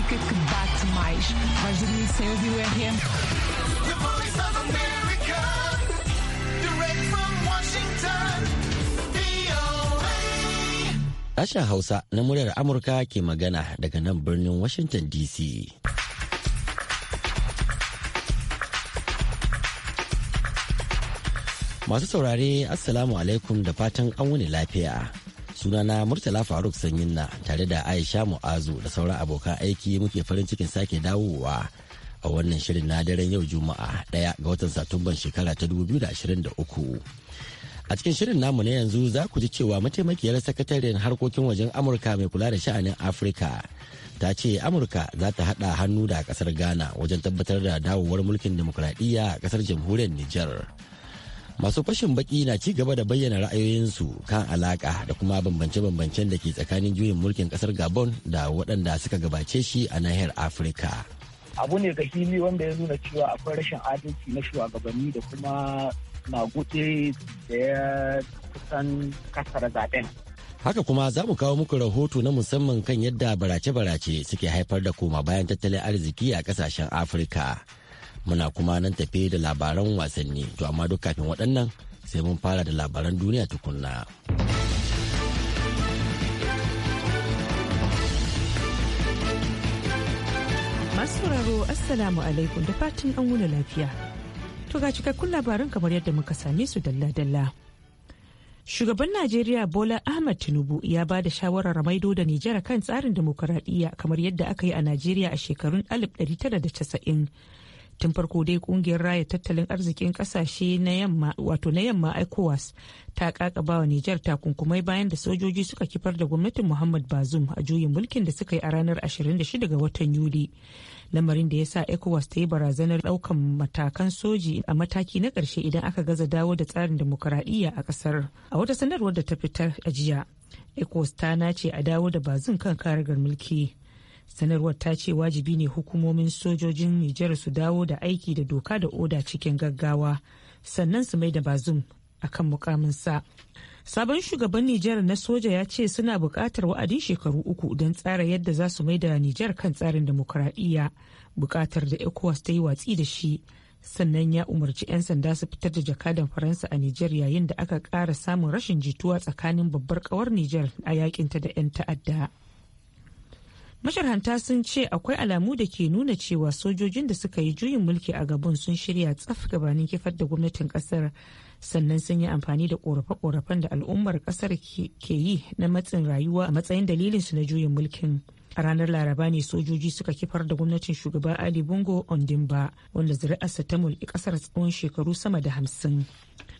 música que bate mais. Vais dormir sem ouvir o RM. Hausa na muryar Amurka ke magana daga nan birnin Washington DC. Masu saurare, Assalamu alaikum da fatan an wuni lafiya. sunana murtala faruk sanyin na tare da aisha mu'azu da sauran abokan aiki muke farin cikin sake dawowa a wannan shirin na daren yau juma'a daya ga watan satumban shekara ta 2023 a cikin shirin namu na yanzu za ku ji cewa mataimakiyar sakataren harkokin wajen amurka mai kula da sha'anin afirka ta ce amurka za ta hada hannu da kasar ghana wajen tabbatar da dawowar mulkin dimokuraɗiyya a kasar jamhuriyar nijar masu fashin baki na ci gaba da bayyana ra'ayoyinsu kan alaka da kuma bambance-bambancen da ke tsakanin juyin mulkin kasar gabon da waɗanda suka gabace shi a nahiyar afirka abu ne ga fili wanda ya nuna cewa akwai rashin adalci na shugabanni da kuma maguɗe da ya kusan kasar zaben haka kuma za mu kawo muku rahoto na musamman kan yadda barace-barace suke haifar da koma bayan tattalin arziki a kasashen afirka muna kuma nan tafe da labaran wasanni to amma duk kafin waɗannan sai mun fara da labaran duniya tukunna. masu sauraro assalamu alaikum da fatin an wuna lafiya to ga cikakkun labaran kamar yadda muka same su dalla-dalla shugaban najeriya bola ahmad tinubu ya ba da shawarar maido da nijar kan tsarin demokuraɗiyya kamar yadda aka yi a najeriya a shekarun 1990 tun farko dai kungiyar raya tattalin arzikin kasashe na yamma wato na yamma ecowas ta kakaba wa nijar takunkumai bayan da sojoji suka kifar da gwamnatin muhammad bazum a juyin mulkin da suka yi a ranar 26 ga watan yuli lamarin da ya sa ecowas ta yi barazanar daukan matakan soji a mataki na karshe idan aka gaza dawo da tsarin demokuraɗiyya a kasar a wata sanarwar da ta fitar a jiya ecowas ta nace a dawo da bazum kan karagar mulki sanarwar ta ce wajibi ne hukumomin sojojin nijar su dawo da aiki da doka da oda cikin gaggawa sannan su mai da bazum akan mukamin sa sabon shugaban nijar na soja ya ce suna bukatar wa'adin shekaru uku don tsara yadda za su mai da nijar kan tsarin demokuraɗiyya bukatar da ecowas ta yi watsi da shi sannan ya umarci 'yan sanda su fitar da jakadan faransa a nijar yayin da aka kara samun rashin jituwa tsakanin babbar kawar nijar a yakinta da 'yan ta'adda masharhanta sun ce akwai alamu da ke nuna cewa sojojin da suka yi juyin mulki a gabon sun shirya tsaf gabanin kifar da gwamnatin kasar sannan sun yi amfani da korafe-korafen da al'ummar kasar ke yi na matsin rayuwa a matsayin dalilin su na juyin mulkin a ranar laraba ne sojoji suka kifar da gwamnatin shugaba ali bongo ondimba wanda zuri'arsa ta mulki kasar tsawon shekaru sama da hamsin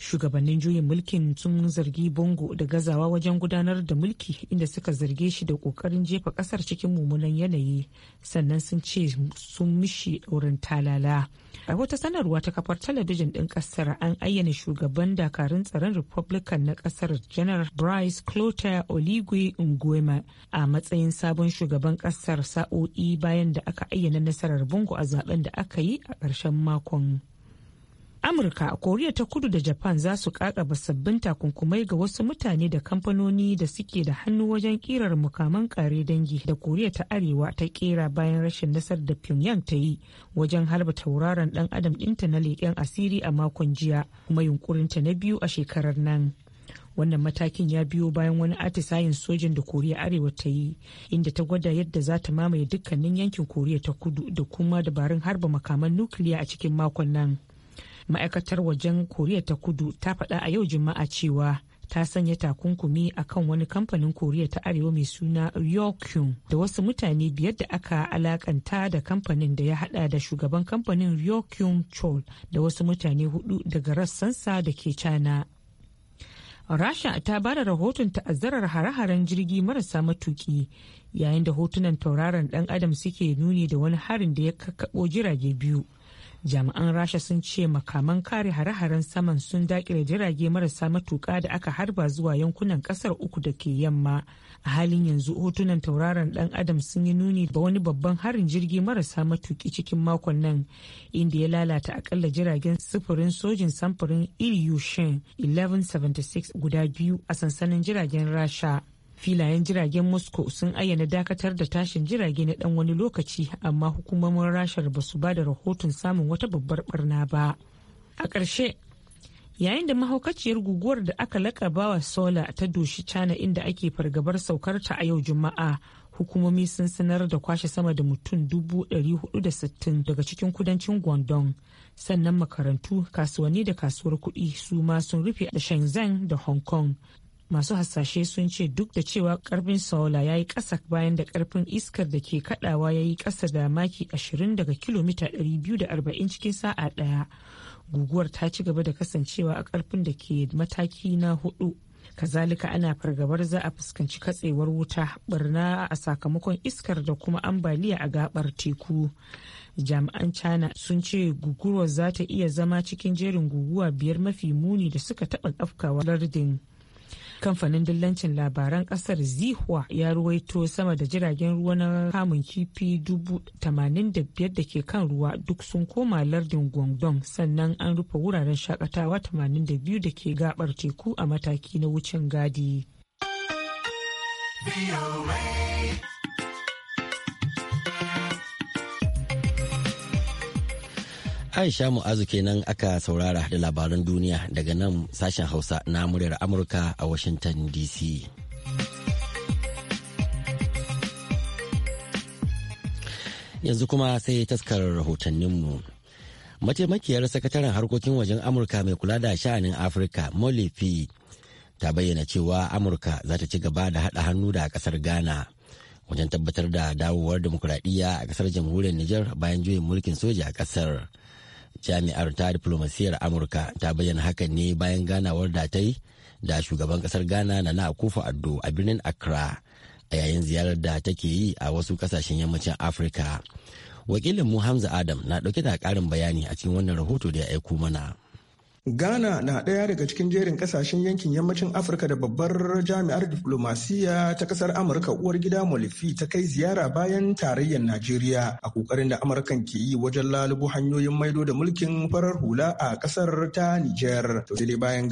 shugabannin juyin mulkin sun zargi bongo da gazawa wajen gudanar da mulki inda suka zarge shi da kokarin jefa kasar cikin mummunan yanayi sannan sun ce sun mishi ɗaurin talala a wata sanarwa ta kafar talabijin ɗin ƙasar an ayyana shugaban dakarun tsaron republican na kasar general bryce clotter oligui nguema a matsayin sabon shugaban kasar sa'o'i bayan da aka ayyana nasarar bongo a zaben da aka yi a ƙarshen makon amurka koriya ta kudu da japan za su kakaba sabbin takunkumai ga wasu mutane da kamfanoni da suke da hannu wajen kirar mukaman kare dangi da koriya ta arewa ta kera bayan rashin nasar da pyongyang ta yi wajen harba tauraron dan adam dinta na leƙen asiri a makon jiya kuma yunkurinta na biyu a shekarar nan wannan matakin ya biyo bayan wani atisayin sojin da koriya arewa ta yi inda ta gwada yadda za ta mamaye dukkanin yankin koriya ta kudu da kuma dabarun harba makaman nukiliya a cikin makon nan ma'aikatar wajen koriya ta kudu ta faɗa a yau juma'a cewa ta sanya takunkumi a kan wani kamfanin koriya ta arewa mai suna ryokyun da wasu mutane biyar da aka alakanta da kamfanin da ya hada da shugaban kamfanin ryokyun chol da wasu mutane hudu daga rassansa da ke cana rasha ta ba da rahoton ta'azzarar hare-haren jirgi marasa matuki yayin da hotunan tauraron dan adam suke nuni da wani harin da ya kakkaɓo jirage biyu jami'an rasha sun ce makaman kare hare-haren saman sun dakile jirage marasa matuka da aka harba zuwa yankunan kasar uku da ke yamma a halin yanzu hotunan tauraron dan adam sun yi nuni da wani babban harin jirgi marasa matuki cikin makon nan inda ya lalata akalla jiragen sufurin sojin samfurin yushin 1176 guda biyu a sansanin jiragen rasha filayen jiragen moscow sun ayyana dakatar da tashin jirage na dan wani lokaci amma hukumomin rashar ba su ba da rahoton samun wata babbar barna ba a ƙarshe yayin da mahaukaciyar guguwar da aka lakabawa sola ta doshi cana inda ake fargabar saukarta a yau juma'a hukumomi sun sanar da kwashe sama da mutum 460 daga cikin kudancin guangdong sannan makarantu kasuwanni da kasuwar kuɗi su ma sun rufe da shenzhen da hong kong masu hasashe sun ce duk da cewa karfin sola ya yi ƙasa bayan da karfin iskar da ke kadawa ya yi ƙasa da maki 20 daga kilomita 240 cikin sa'a ɗaya guguwar ta ci gaba da kasancewa a karfin da ke mataki na hudu kazalika ana fargabar za a fuskanci katsewar wuta barna a sakamakon iskar da kuma ambaliya a gabar teku jami'an china sun ce guguwar za ta iya zama cikin jerin guguwa biyar mafi muni da suka taɓa afkawa lardin Kamfanin dillancin labaran kasar Zihua ya ruwaito sama da jiragen ruwa na kamun kifi dubu tamanin da biyar da ke kan ruwa duk sun koma lardin Guangdong sannan an rufe wuraren shakatawa tamanin da biyu da ke gabar teku a mataki na wucin gadi. Aisha Mu'azu kenan aka saurara da labaran duniya daga nan sashen Hausa na muryar Amurka a Washington DC. Yanzu kuma sai taskar rahotanninmu. Mataimakiyar sakataren harkokin wajen Amurka mai kula da sha'anin Afirka, Molly P. ta bayyana cewa Amurka za ta ci gaba da haɗa hannu da ƙasar Ghana. wajen tabbatar da dawowar demokuraɗiyya a ƙasar jamhuriyar Nijar bayan juyin mulkin soja a ƙasar. jami'ar ta diplomasiyar amurka ta bayyana haka ne bayan ganawar da ta yi da shugaban kasar ghana na na akufa addo a birnin accra a yayin ziyarar da take yi a wasu kasashen yammacin afirka wakilin mu hamza adam na dauke da karin bayani a cikin wannan rahoto da ya aiko mana Ghana na ɗaya daga cikin jerin ƙasashen yankin yammacin Afirka da babbar jami'ar diflomasiyya ta ƙasar Amurka uwar gida Molifi ta kai ziyara bayan tarayyar Najeriya a ƙoƙarin da Amurkan ke yi wajen lalubo hanyoyin maido da mulkin farar hula a ƙasar ta Nijar. To sai bayan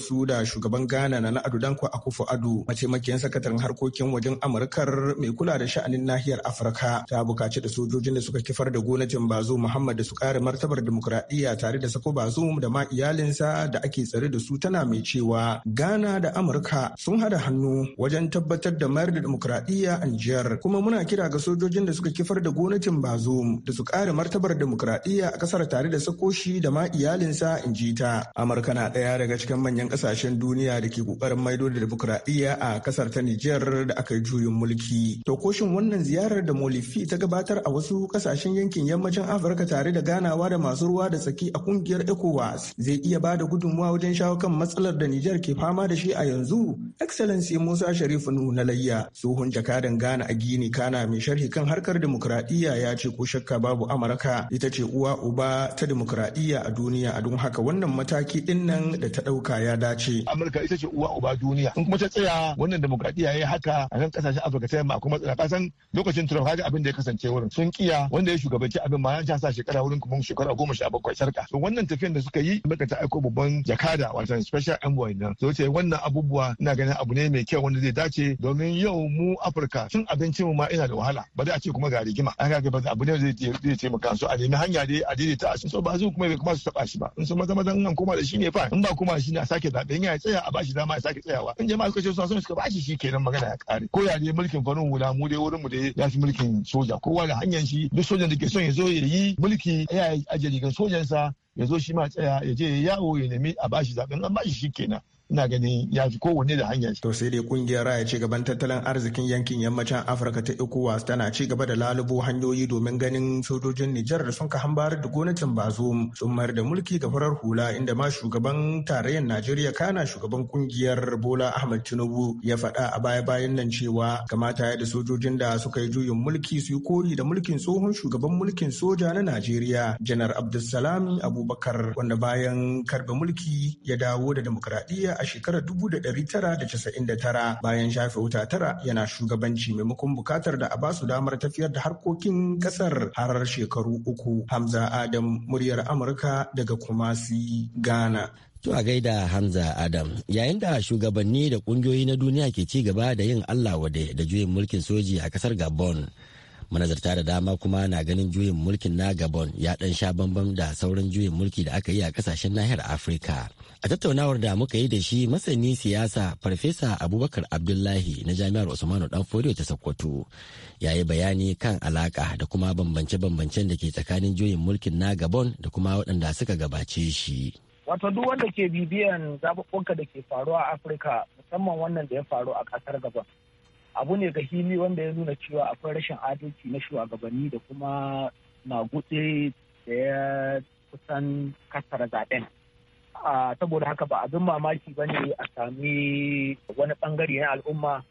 su da shugaban Ghana na Na'adu Danko Akufo Ado mataimakin sakataren harkokin wajen Amurkar mai kula da sha'anin nahiyar Afirka ta buƙaci da sojojin da suka kifar da gwamnatin Bazo Muhammad da su kare martabar dimokuraɗiyya tare da sako Bazo da ma iyali iyalinsa da ake tsare da su tana mai cewa Ghana da Amurka sun hada hannu wajen tabbatar da mayar da demokradiyya a Nijar kuma muna kira ga sojojin da suka kifar da gwamnatin Bazoum da su kare martabar demokradiyya a kasar tare da sakoshi da ma iyalinsa in ji ta. Amurka na ɗaya daga cikin manyan kasashen duniya da ke ƙoƙarin maido da demokradiyya a kasar ta Nijar da aka yi juyin mulki. To koshin wannan ziyarar da Molifi ta gabatar a wasu kasashen yankin yammacin Afirka tare da ganawa da masu ruwa da tsaki a kungiyar ECOWAS zai iya ba da gudunmuwa wajen shawo kan matsalar da Nijar ke fama da shi a yanzu? Excellency Musa Sharifu Nuhu na layya, tsohon jakadan Ghana a Gini Kana mai sharhi kan harkar demokuraɗiyya ya ce ko shakka babu Amurka ita ce uwa uba ta demokuraɗiyya a duniya a don haka wannan mataki ɗin nan da ta ɗauka ya dace. Amurka ita ce uwa uba duniya. In kuma ta tsaya wannan demokuraɗiyya ya yi haka a kan ƙasashen Afirka ta yamma kuma tsira Kasan lokacin Trump haka abin da ya kasance wurin. Sun kiya wanda ya shugabanci abin ma ya sa shekara wurin kuma shekara goma sha bakwai sarka. Wannan tafiyan da suka yi Amurka ta aiko babban jakada wato special envoy nan so ce wannan abubuwa ina ganin abu ne mai kyau wanda zai dace domin yau mu afirka cin abincin mu ma ina da wahala ba za a ce kuma ga rigima an ga ba abu ne zai taimaka so a nemi hanya dai a daidaita a so ba su kuma bai kuma su taba shi ba in so maza maza nan koma da shi ne fa in ba koma shi ne a sake zabe in ya tsaya a bashi dama ya sake tsayawa in jama'a suka ce suna suka bashi shi kenan magana ya kare ko ya dai mulkin farin hula mu dai wurin mu dai ya fi mulkin soja kowa da hanyar shi duk sojan da ke son ya zo ya yi mulki ya ajiye rigar sojansa ya zo shi ma tsaya ya je ya yawo ya nemi a bashi zaɓen an bashi shi kenan ina ganin ya fi kowanne da hanyar to sai dai kungiyar raya ci gaban tattalin arzikin yankin yammacin afirka ta ecowas tana ci gaba da lalubo hanyoyi domin ganin sojojin nijar da sun ka hambar da gwamnatin bazo sun mayar da mulki ga farar hula inda ma shugaban tarayyar najeriya kana shugaban kungiyar bola ahmad tinubu ya faɗa a baya bayan nan cewa kamata ya da sojojin da suka yi juyin mulki su yi kori da mulkin tsohon shugaban mulkin soja na najeriya janar abdulsalami abubakar wanda bayan karbe mulki ya dawo da demokradiyya a shekarar 1999 bayan shafe wuta tara yana shugabanci maimakon bukatar da a ba su damar tafiyar da harkokin kasar harar shekaru uku. Hamza Adam muryar Amurka daga Kumasi, Ghana. To a gaida Hamza Adam, yayin da shugabanni da ƙungiyoyi na duniya ke ci gaba da yin Allah wade da juyin mulkin soji a kasar Gabon. manazarta da dama kuma na ganin juyin mulkin na gabon ya dan sha bambam da sauran juyin mulki da aka yi a kasashen nahiyar afirka A tattaunawar da muka yi da shi masani siyasa Farfesa Abubakar Abdullahi na Jami'ar Usmanu folio ta Sokoto ya yi bayani kan alaka da kuma bambance-bambancen da ke tsakanin juyin mulkin na Gabon da kuma waɗanda suka gabace shi. Wato duk wanda ke bibiyan zaɓuɓɓuka da ke faruwa a Afirka musamman wannan da ya faru a ƙasar Gabon. Abu ne ga hili wanda ya nuna cewa akwai rashin adalci na shugabanni da kuma magutse da ya kusan kasar zaɓen. saboda haka ba abin mamaki ba ne a sami wani bangare na al'umma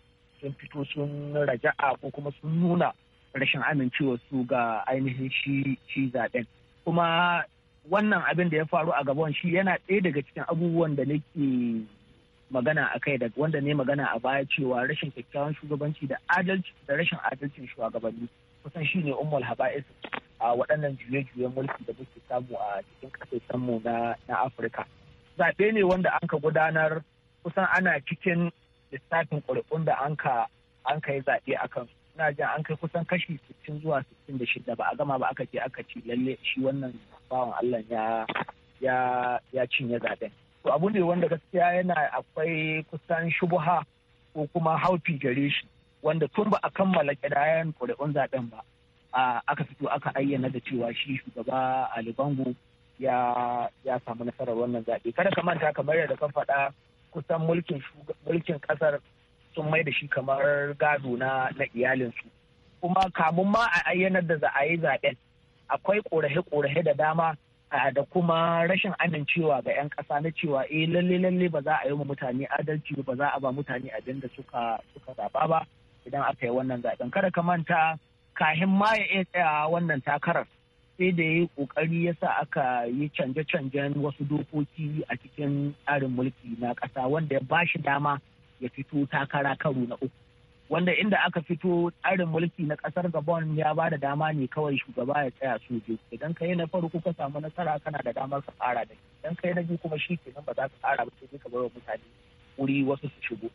sun fito sun raja'a ko kuma sun nuna rashin amincewa su ga ainihin shi shi zaɓen kuma wannan abin da ya faru a gaban shi yana ɗaya daga cikin abubuwan da nake magana a kai daga wanda ne magana a baya cewa rashin kyakkyawan shugabanci da adalci da rashin adalcin shugabanni kusan shi ne ummul haba'is a waɗannan juye-juyen mulki da muke samu a cikin mu na afirka zaɓe ne wanda an ka gudanar kusan ana cikin lissafin ƙuri'un da an ka yi zaɓe a kan jin an kai kusan kashi 60 zuwa sittin da 66 ba a gama ba aka je aka ci lalle shi wannan bawan Allah ya ya cinye zaɓen to abu ne wanda gaskiya yana akwai kusan shubuha ko kuma haufi gare shi wanda tun ba a kammala ƙidayen ƙuri'un zaɓen ba aka fito aka ayyana da cewa shi shugaba Ali Bango ya samu nasarar wannan zaɓe kada ka manta kamar yadda kan faɗa kusan mulkin mulkin ƙasar sun mai da shi kamar gado na na iyalinsu kuma kamun ma a ayyanar da za a yi zaɓen akwai ƙorahe ƙorahe da dama da kuma rashin amincewa ga 'yan ƙasa na cewa eh lalle lalle ba za a yi wa mutane adalci ba za a ba mutane abin da suka suka zaɓa ba idan aka yi wannan zaɓen kada ka manta kahin ma ya iya tsaya wannan takarar sai da ya yi kokari ya sa aka yi canje-canjen wasu dokoki a cikin tsarin mulki na ƙasa wanda ya bashi dama ya fito takara karo na uku wanda inda aka fito tsarin mulki na ƙasar gabon ya ba da dama ne kawai shugaba ya tsaya su biyu idan ka yi na farko ka samu nasara kana da damar ka fara da idan ka yi na biyu kuma shi kenan ba za ka fara ba sai ka bar wa mutane wasu su shigo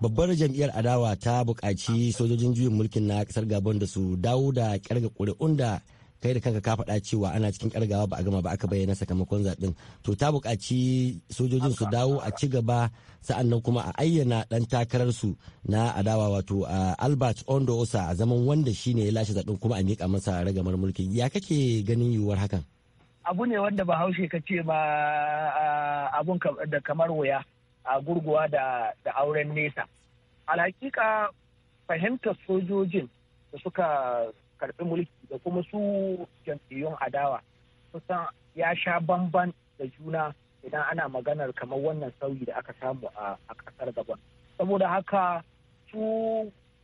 babbar jam'iyyar adawa ta buƙaci sojojin juyin mulkin na ƙasar gabon da su dawo da ƙirga ƙuri'un da kai da kanka ka faɗa cewa ana cikin ƙyargawa ba a gama ba aka bayyana sakamakon zaɓen to ta buƙaci sojojin su dawo a ci gaba sa'annan kuma a ayyana ɗan takararsu na adawa wato albert ondo osa a zaman wanda shine ya lashe zaɓen kuma a miƙa masa ragamar mulki ya kake ganin yiwuwar hakan abu ne wanda bahaushe ka ce ma abun da kamar wuya a gurguwa da auren nesa alhakika fahimtar sojojin da suka karɓi mulki da kuma su jam'iyyun adawa kusan ya sha bamban da juna idan ana maganar kamar wannan sauyi da aka samu a ƙasar gabon saboda haka su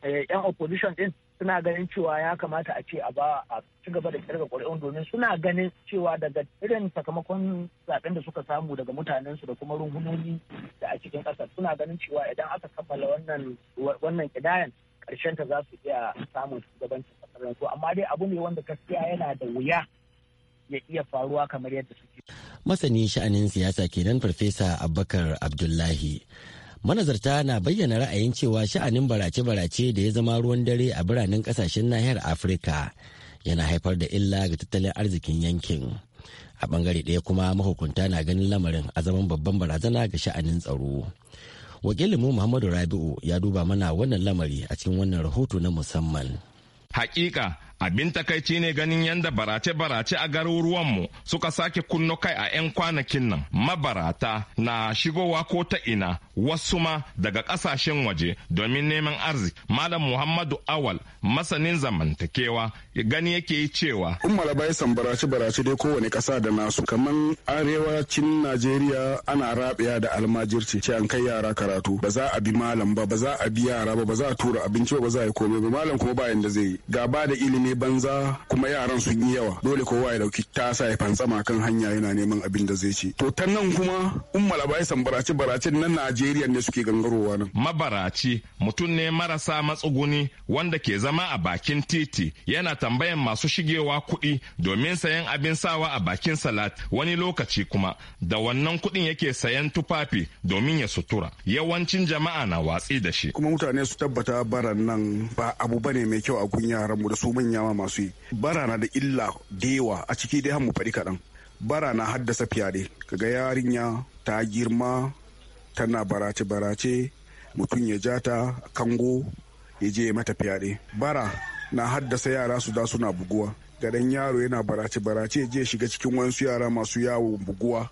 eh, yan opposition din suna ganin cewa ya kamata a ce a ba a ci gaba da kirga ƙuri'un domin suna ganin cewa daga irin sakamakon zaben da suka samu daga mutanensu da kuma rungunoni da a cikin ƙasar suna ganin cewa idan aka kammala wannan wannan ƙidayan ƙarshen ta za su iya samun shugabancin ƙasar yanzu amma dai abu ne wanda gaskiya yana da wuya ya iya faruwa kamar yadda suke. Masani sha'anin siyasa kenan Farfesa Abubakar Abdullahi. manazarta na bayyana ra'ayin cewa sha'anin barace-barace da ya zama ruwan dare a biranen kasashen nahiyar afirka yana haifar da illa ga tattalin arzikin yankin a bangare ɗaya kuma mahukunta na ganin lamarin a zaman babban barazana ga sha'anin tsaro wakilin mu muhammadu rabi'u ya duba mana wannan lamari a cikin wannan rahoto na musamman hakika abin takaici ne ganin yadda barace-barace a garuruwanmu suka sake kunno kai a 'yan kwanakin nan mabarata na shigowa ko ta ina wasu ma daga kasashen waje domin neman arziki malam muhammadu awal masanin zamantakewa gani yake yi cewa in malabai san barace barace dai kowane kasa da nasu Kamar arewacin najeriya ana rabiya da almajirci ce an kai yara karatu ba za a bi malam ba ba za a bi yara ba ba za a tura abinci ba ba za a yi komai ba malam kuma ba yanda zai yi gaba da ilimi banza kuma yaran sun yi yawa dole kowa ya dauki tasa ya fantsama kan hanya yana neman abin da zai ci to ta nan kuma in malabai san barace barace nan najeriya Najeriya ne suke gangarowa nan. Mabaraci mutum ne marasa matsuguni wanda ke zama a bakin titi yana tambayan masu shigewa kuɗi domin sayan abin sawa a bakin salat wani lokaci kuma da wannan kuɗin yake sayan tufafi domin ya sutura. Yawancin jama'a na watsi da shi. Kuma mutane su tabbata baran nan ba abu bane mai kyau a kunya yaran mu da su manya ma masu yi. Bara na da illa da yawa a ciki dai mu faɗi kaɗan. Bara na haddasa fyaɗe kaga yarinya ta girma tana barace-barace mutum ya ja ta kango ya je mata fyaɗe bara na haddasa yara su da suna buguwa gadan yaro yana barace-barace je shiga cikin wasu yara masu yawo buguwa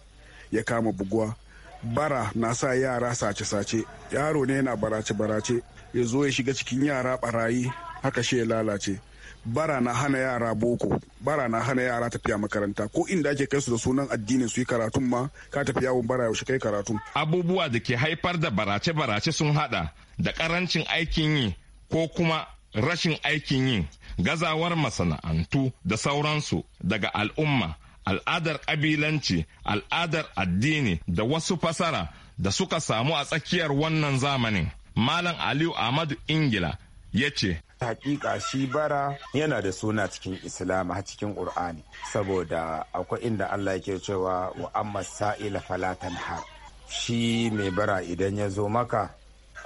ya kama buguwa bara na sa yara sace-sace yaro ne yana barace-barace ya zo ya shiga cikin yara barayi haka shi ya lalace bara na hana yara boko bara na hana yara tafiya makaranta ko inda ake kai su da sunan addinin su yi karatun ma ka tafi yawon bara yaushe kai karatun abubuwa da ke haifar da barace barace sun hada da karancin aikin yi ko kuma rashin aikin yi gazawar masana'antu da sauransu daga al'umma al'adar kabilanci al'adar addini da wasu fasara da suka samu a tsakiyar wannan zamanin malam aliyu ahmadu ingila ya ce hakika shi bara yana da suna cikin islam har cikin qur'ani saboda akwai inda allah yake cewa wa amma sa'ila falatan har shi mai bara idan ya zo maka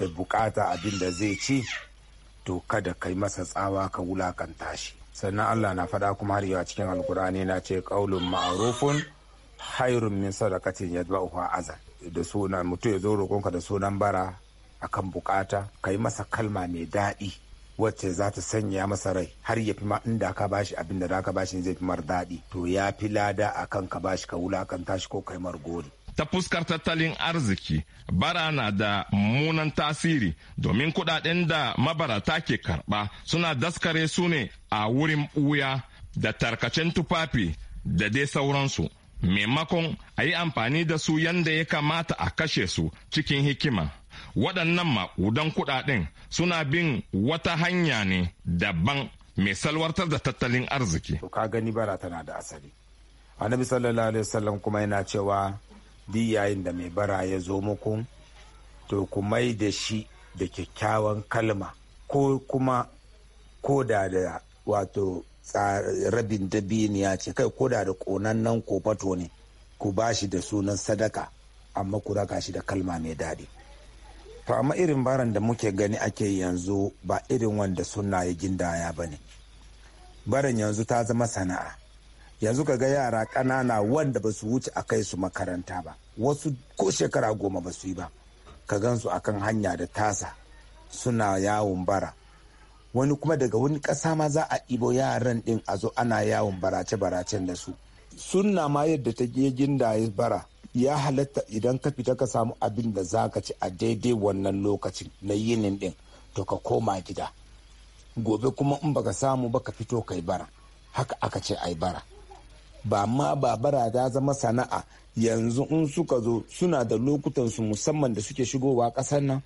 da bukata abin da zai ci to kada kai masa tsawa ka wulakanta shi sannan allah na faɗa kuma har yawa cikin alkur'ani na ce ƙaulun ma'arufun hairun min sadakatin yadba'uha azan da sunan mutum ya zo roƙonka da sunan bara akan bukata kai masa kalma mai daɗi wacce za ta sanya masa rai har ya fi ma inda ka bashi abinda da za ka bashi zai fi mar daɗi to ya fi lada a kan ka bashi ka wulakanta shi ko kai mar ta fuskar tattalin arziki bara na da mummunan tasiri domin kudaden da mabarata ke karba suna daskare su ne a wurin ɓuya da tarkacen tufafi da dai sauransu maimakon a yi amfani da su yanda ya kamata a kashe su cikin hikima waɗannan maƙudan kuɗaɗen suna bin wata hanya ne daban mai salwartar da tattalin arziki. Ka gani bara tana da asali. Annabi sallallahu alaihi wasallam kuma yana cewa duk yayin da mai bara ya zo muku to ku mai da shi da kyakkyawan kalma ko kuma koda da wato rabin dabiniya ce kai koda da ƙonannen kofato ne ku bashi da sunan sadaka amma ku raka shi da kalma mai daɗi. to amma irin baran da muke gani ake yanzu ba irin wanda suna ya gindaya ba ne baran yanzu ta zama sana'a yanzu ka ga yara ƙanana wanda ba su wuce a kai su makaranta ba wasu ko shekara goma ba su yi ba ka gan su akan hanya da tasa suna yawon bara wani kuma daga wani ƙasa ma za a ibo yaran ɗin a zo ana yawon barace-baracen da su suna ma yadda ta gindaye bara ya halatta idan ka fita ka samu abin da za ka ci a daidai wannan lokacin na yinin din to ka koma gida gobe kuma in baka samu ba ka fito kai bara haka aka ce ai bara ba ma ba bara ta zama sana'a yanzu in suka zo suna da lokutan su musamman da suke shigowa kasar nan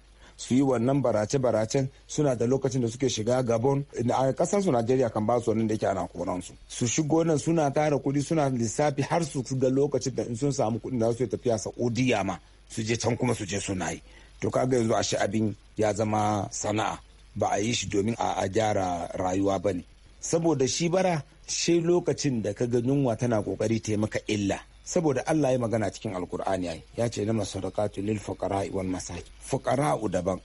su yi wannan barace-baracen suna da lokacin da suke shiga gabon a kasar su najeriya kan ba su wannan da yake ana koran su su shigo nan suna tara kuɗi suna lissafi har su ga lokacin da in sun samu kuɗin da su tafiya sa'udiyya ma su je can kuma su je suna yi to kaga yanzu a shi abin ya zama sana'a ba a yi shi domin a gyara rayuwa ba ne saboda shi bara shi lokacin da ka ga yunwa tana kokari ta maka illa saboda Allah ya magana cikin alkur'ani ya ce na masarakatu lil fuqara'i wal masakin fuqara'u daban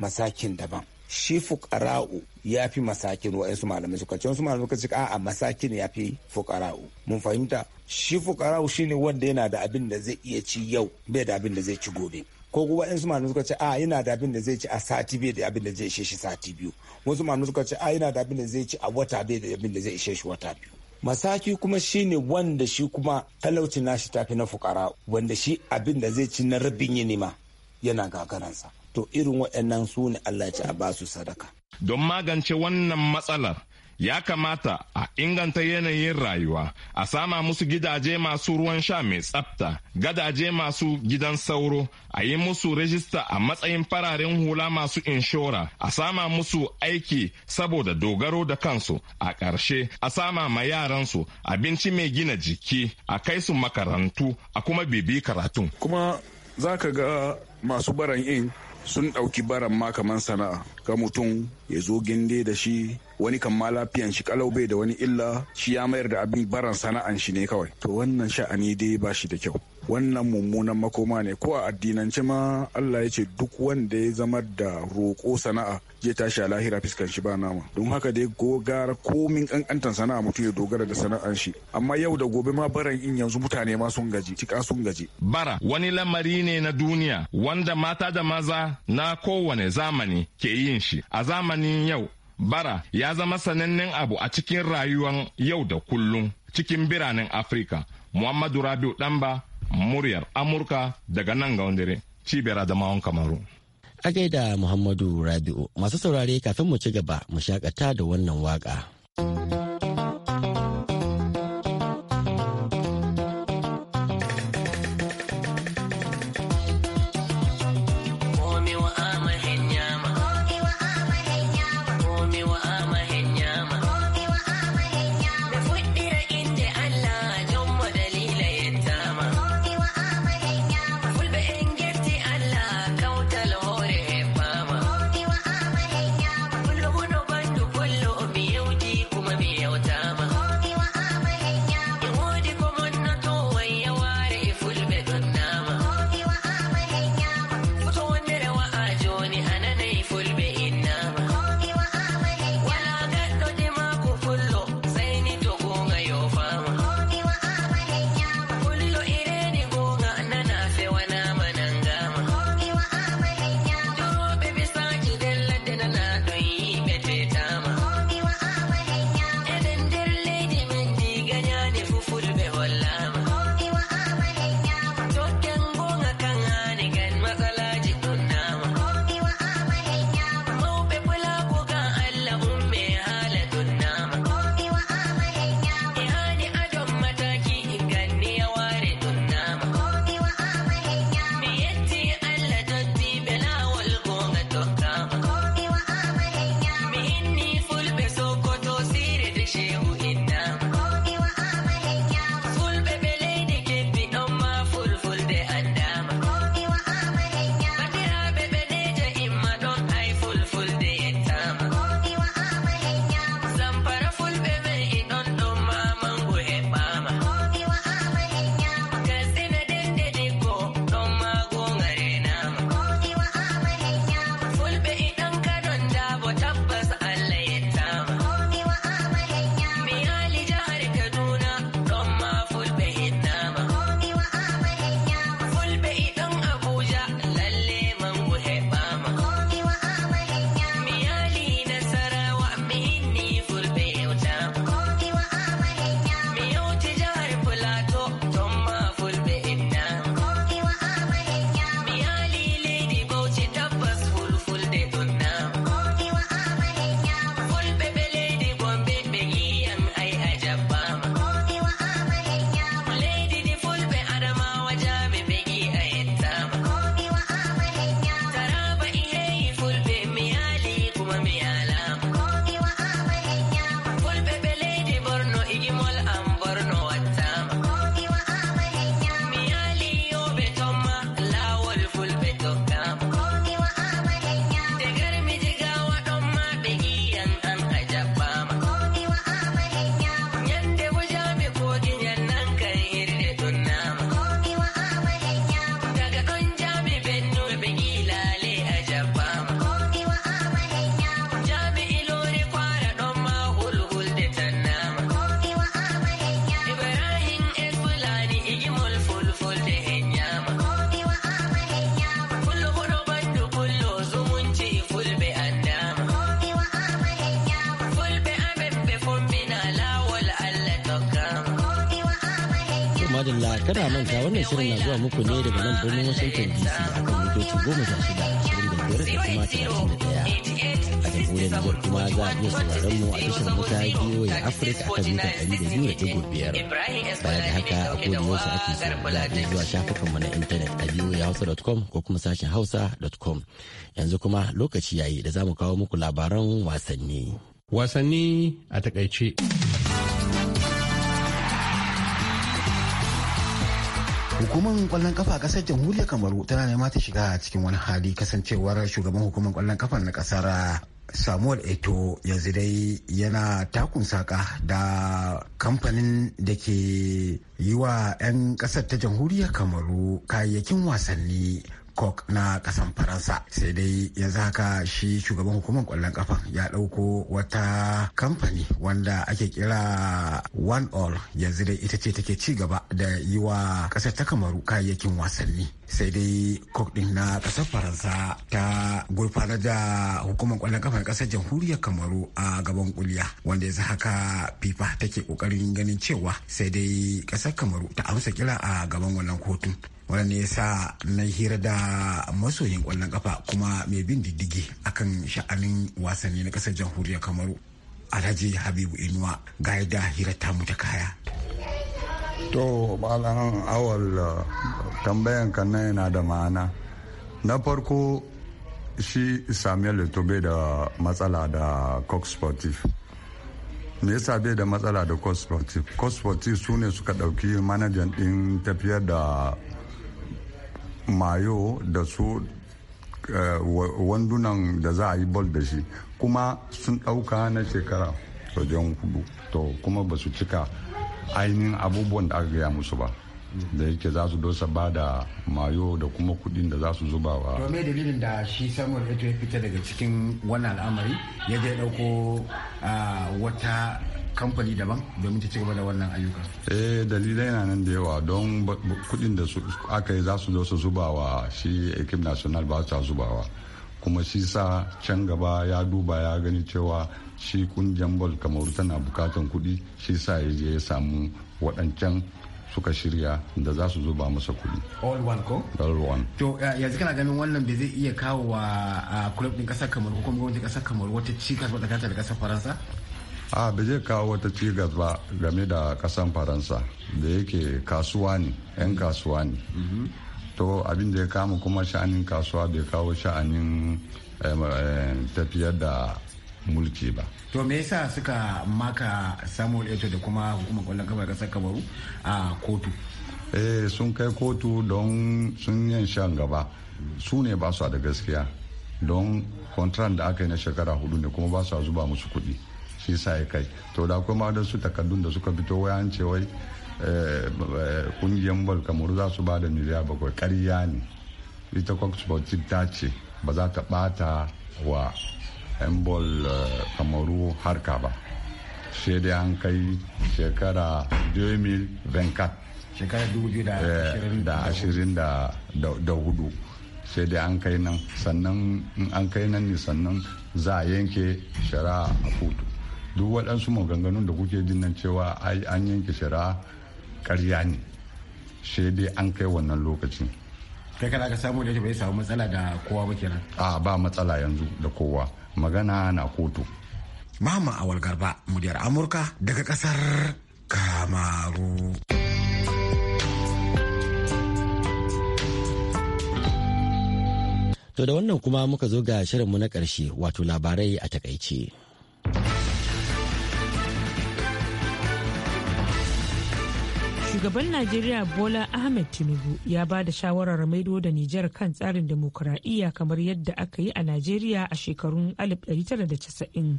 masakin daban shi fuqara'u ya fi masakin su malamai suka ce wasu malamai suka ce a'a masakin ya fi fuqara'u mun fahimta shi fuqara'u shine wanda yana da abin da zai iya ci yau bai da abin da zai ci gobe ko kuma in su malamai suka ce a yana da abin da zai ci a sati bai da abin da zai ishe shi sati biyu wasu malamai suka ce a yana da abin da zai ci a wata bai da abin da zai ishe shi wata biyu masaki kuma shine wanda shi kuma talauci nashi tafi na fukara wanda shi abin da zai ci na rabin yinima yana gagaransa to irin waɗannan su ne Allah ya ci a basu sadaka don magance wannan matsalar ya kamata a inganta yanayin rayuwa a sama musu gidaje masu ruwan sha mai tsafta gadaje masu gidan sauro a yi musu rajista a matsayin fararen hula masu inshora a sama musu aiki saboda dogaro da kansu a ƙarshe a sama ma yaransu abinci mai gina jiki a kai su makarantu a kuma bibi karatun kuma za ka ga masu baran in sun ɗauki baran ma kamar sana'a ga mutum ya zo ginde da shi wani kan ma lafiyan shi kalau bai da wani illa shi ya mayar da abin baran sana'an shi ne kawai to wannan sha'ani dai ba shi da kyau wannan mummunan makoma ne ko a addinance ma Allah ya ce duk wanda ya zama da roƙo sana'a zai tashi a lahira fiskan shi ba nama don haka dai gogara komin kankantan sana'a mutum ya dogara da sana'an shi amma yau da gobe ma baran in yanzu mutane ma sun gaji tika sun gaji bara wani lamari ne na duniya wanda mata da maza na kowane zamani ke yin shi a zamanin yau bara ya zama sanannen abu a cikin rayuwar yau da kullum cikin biranen afirka muhammadu rabiu damba muryar Amurka daga nan ga wandere cibiyar Adamawan Kamaru. A gaida Muhammadu Rabi'u masu saurare kafin mu ci gaba mu shakata da wannan waka. Kada manta wannan shirin na zuwa muku ne daga nan birnin Washington DC a kan mitoci goma sha shida ashirin da biyar da kuma talatin da daya A jamhuriyar Nijar kuma za a iya sauraron mu a tashar mata biyoyi Afirka a kan mita ɗari da biyu da ɗigo biyar. Baya da haka a da wasu ake so za a iya zuwa shafukanmu na intanet a biyoyihausa.com ko kuma sashen hausa.com. Yanzu kuma lokaci yayi da za mu kawo muku labaran wasanni. Wasanni a takaice. hukumar kwallon kafa kasar jamhuriyar kamaru tana nema ta shiga cikin wani hali kasancewar shugaban hukumar kwallon kafa na kasar samuel eto yanzu dai yana takun saka da kamfanin da ke yi wa 'yan kasar ta jamhuriyar kamaru kayayyakin wasanni Kok na kasan Faransa. Sai dai yanzu haka shi shugaban hukumar kwallon kafa ya ɗauko wata kamfani wanda ake kira One All yanzu dai ita ce take ci gaba da yi wa ƙasa ta kamaru kayayyakin wasanni. Sai dai kok din na ƙasar Faransa ta gurfanar da hukumar kwallon kafa na ƙasar jamhuriyar Kamaru a gaban kuliya wanda yanzu haka FIFA take ƙoƙarin ganin cewa sai dai ƙasar Kamaru ta amsa kira a gaban wannan kotun wani yasa na hira da masoyin kwallon kafa kuma mai bin diddigi akan sha'anin wasanni na kasar jamhuriyar kamaru alhaji habibu inuwa ga yadda hira ta mutu kaya to malam awal tambayan ka na yana da ma'ana na farko shi samuel bai da matsala da cox sportive me yasa bai da matsala da cox sportive cox sportive su ne suka ɗauki manajan ɗin tafiyar da mayo da su eh, wandunan da za a yi bol da shi kuma sun ɗauka na shekara sojan hudu to kuma ba su cika ainihin abubuwan da aka gaya musu ba da yake za su dosa ba da mayo da kuma kudin da za su zuba wa to me dalilin da shi samuwar eto ya fita daga cikin wannan al'amari ya je dauko ah, wata kamfani daban domin ta ci gaba da wannan ayyuka eh dalilai na nan da yawa don kudin da aka yi za su zo su zubawa shi ekip national ba ta zubawa kuma shi sa can gaba ya duba ya gani cewa shi kungiyar bol kamaru tana bukatan kudi shi sa ya je ya samu waɗancan suka shirya da za su zuba masa kudi. All one ko? All one. To yanzu kana ganin wannan bai zai iya kawo wa club din kasar Kamaru ko kuma gwamnatin kasar Kamaru wata cikas ba tsakanin da kasar Faransa? a ba zai kawo wata cigas ba game da kasan faransa da yake kasuwa ne 'yan kasuwa ne to abin da ya kama kuma sha'anin kasuwa bai kawo sha'anin tafiyar da mulki ba to me yasa suka maka samuel eto da kuma hukumar kwallon kafa kasar kabaru a kotu eh sun kai kotu don sun yin shan gaba su ne ba su da gaskiya don kontran da aka yi na shekara hudu ne kuma ba su zuba musu kuɗi shi sa ya kai to da kuma da takardun da suka fito ce wai kungiyar eh, eh, bal kamaru za su ba da miliya bakwai karya ne ita sportif ta ce ba za ta bata wa yan bal eh, kamaru harka ba sai dai an kai shekara 2024 shekara 2024 sai dai an kai nan sannan an kai nan ne sannan za a yanke shara a kotu duk waɗansu maganganun da kuke jin nan cewa an yanke shari'a karya ne sai dai an kai wannan lokaci. kai kana ka samu da yake bai samu matsala da kowa ba kenan a ba matsala yanzu da kowa magana na kotu mama awal garba mudiyar amurka daga kasar kamaru To da wannan kuma muka zo ga shirinmu na ƙarshe wato labarai a takaice. Shugaban Najeriya Bola Ahmed Tinubu ya ba da shawarar maido da Nijar kan tsarin demokuraɗiyya kamar yadda aka yi a Najeriya a shekarun 1990.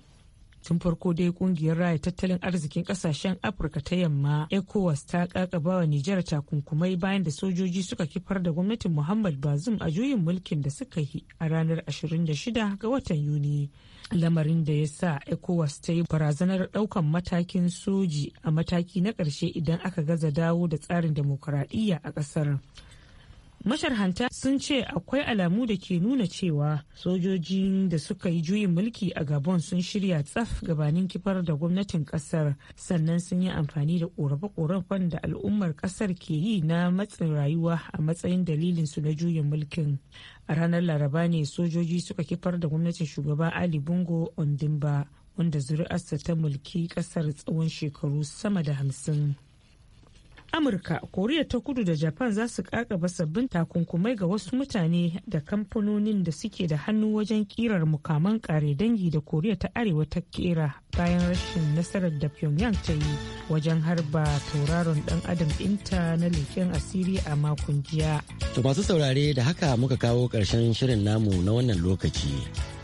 tun farko dai kungiyar raya tattalin arzikin kasashen afirka ta yamma ecowas ta kakaba wa nijar takunkumai bayan da sojoji suka kifar da gwamnatin muhammad bazum a juyin mulkin da suka yi a ranar 26 ga watan yuni lamarin da ya sa ecowas ta yi barazanar daukan matakin soji a mataki na ƙarshe idan aka gaza dawo da tsarin demokuraɗiyya a ƙasar masharhanta sun ce akwai alamu da ke nuna cewa sojojin da suka yi juyin mulki a gabon sun shirya tsaf gabanin kifar da gwamnatin kasar sannan sun yi amfani da korafe-korafen da al'ummar kasar ke yi na matsin rayuwa a matsayin dalilin su na juyin mulkin a ranar laraba ne sojoji suka kifar da gwamnatin shugaba ali bongo ondimba wanda zuri'arsa ta mulki kasar tsawon shekaru sama da hamsin amurka koriya ta kudu da japan za su kakaba sabbin takunkumai ga wasu mutane da kamfanonin da suke da hannu wajen kirar mukaman kare dangi da koriya ta arewa ta kera bayan rashin nasarar da pyongyang ta yi wajen harba tauraron dan adam dinta na leken asiri a makon jiya to masu saurare da haka muka kawo karshen shirin namu na wannan lokaci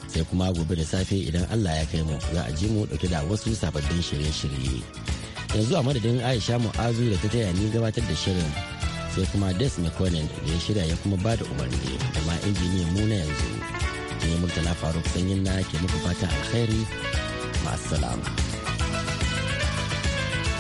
sai kuma gobe da safe idan allah ya kai mu za a ji mu dauke da wasu sababbin shirye-shirye yanzu a madadin aisha mu'azu da ta taya ni gabatar da shirin sai kuma des mcconnell da ya shirya ya kuma ba da umarni da ma injiniyan mu na yanzu ne murtala faruk sanyin na ke muku fata alkhairi masu salama